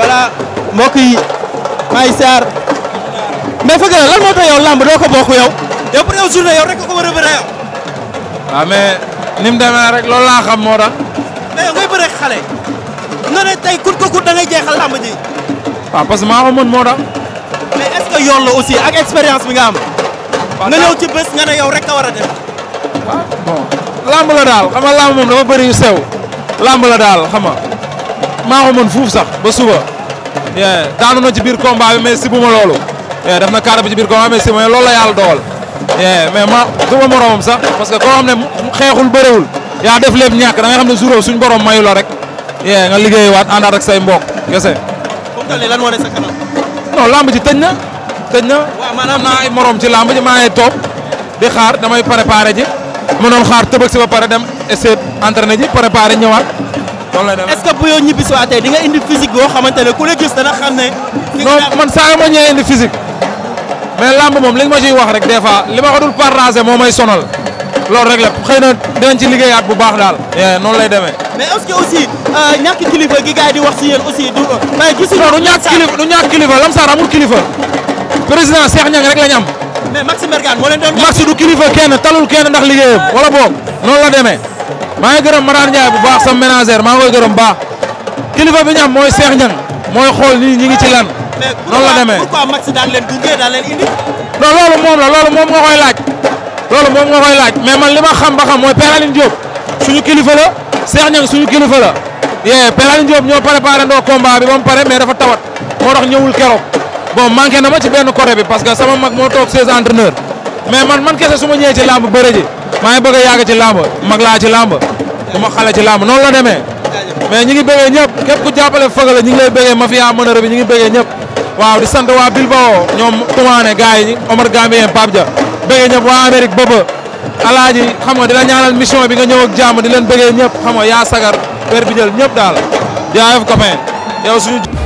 voilà mbokk yi maa ngi siyaar mais fekk na lan moo tax yow làmb doo ko bokk yow. yow pour yow journée yow rek ko war a bëre yow. waaw ah, mais ni mu rek loolu laa xam moo tax. mais ngay bëre xale. nga ne tey kut ko kut da ngay jeexal làmb ji. waaw ah, parce que maa ko moo tax. mais est ce yoon la aussi ak expérience bi nga am. nga ñëw ci bés nga ne yow rek war a def. waaw ah, bon làmb la daal xam làmb moom dafa bëri sew. làmb la daal xam maa ko mën fuuf sax ba suba. daanu na ci biir combat bi mais si bu ma loolu. def na kaara bi ci biir combat mais si ma loolu la yàlla dogal. mais ma du ma moromam sax parce que koo xam ne xeexul barewul yaa def lépp ñàkk da nga xam ne juróom suñ boroom mayu la rek. nga liggéeyuwaat àndaat ak say mbokk kese. comme lan moo ne sa kanam. non lamb ji tëj na. tëj na maanaam naa ay morom ci lamb ji maa ngi toog di xaar damay préparé ji. xaar tëbëg si ba pare dem essayer entraîné ji préparé ñëwaat. est-ce que bu yoo ñibbi si waatee di nga indi physique boo xamante ne ku la gis dana xam ne. non man saa ma ñëwee indi physique. mais lamb moom li ma ciy wax rek des fois li ma ko dul partager moo may sonal. loolu rek la xëy na dinañ ci liggéeyaat bu baax daal. Eh, noonu lay demee. mais est-ce que aussi euh, kilifa gi gars di wax si yéen aussi du. waaye gisuñu du ñàkk kilifa du ñàkk kilifa Lamsar amul kilifa. président Cheikh Niang rek lañ am. mais Maxime Bergane moo leen doon. Max du kilifa kenn talul kenn ndax liggéeyam wala boog noonu la demee. maa ngi gërëm Matar Ndiaye bu baax sa ménagère maa ngi koy gërëm baax kilifa bi ñu am mooy Cheikh Niang mooy xool nii ñi ngi ci lan. noonu la demee mais pourquoi leen duggee daan leen loolu moom la loolu moom nga koy laaj. loolu moom nga koy laaj mais man li ma xam ba xam mooy Père Aline suñu kilifa la Cheikh Niang suñu kilifa la. yee Père Aline Diop ñoo préparé ndoo combat bi ba pare mais dafa tawat moo tax ñëwul keroog bon manqué na ma ci benn côté bi parce que sama mag moo toog 16 entraîneur mais man man kese su ma ñëwee ci làmb bëre maa ngi bëgg a yàgg ci làmb mag laa ci làmb bu ma xale ci làmb noonu la demee mais ñi ngi bëggee ñëpp képp ku jàppale Feugeula ñi ngi lay bëggee mafia mëneur bi ñi ngi bëggee ñëpp waaw di sant waa Bilbao ñoom Toumane gars yi Omar Gambien Pape Dia bëggee ñëpp waa Amérique bëba alaaji xam nga di la ñaanal mission bi nga ñëw ak jàmm di leen bëggee ñëpp xam nga yaa sagar weer bi jël ñëpp daal jaayef copain yow suñu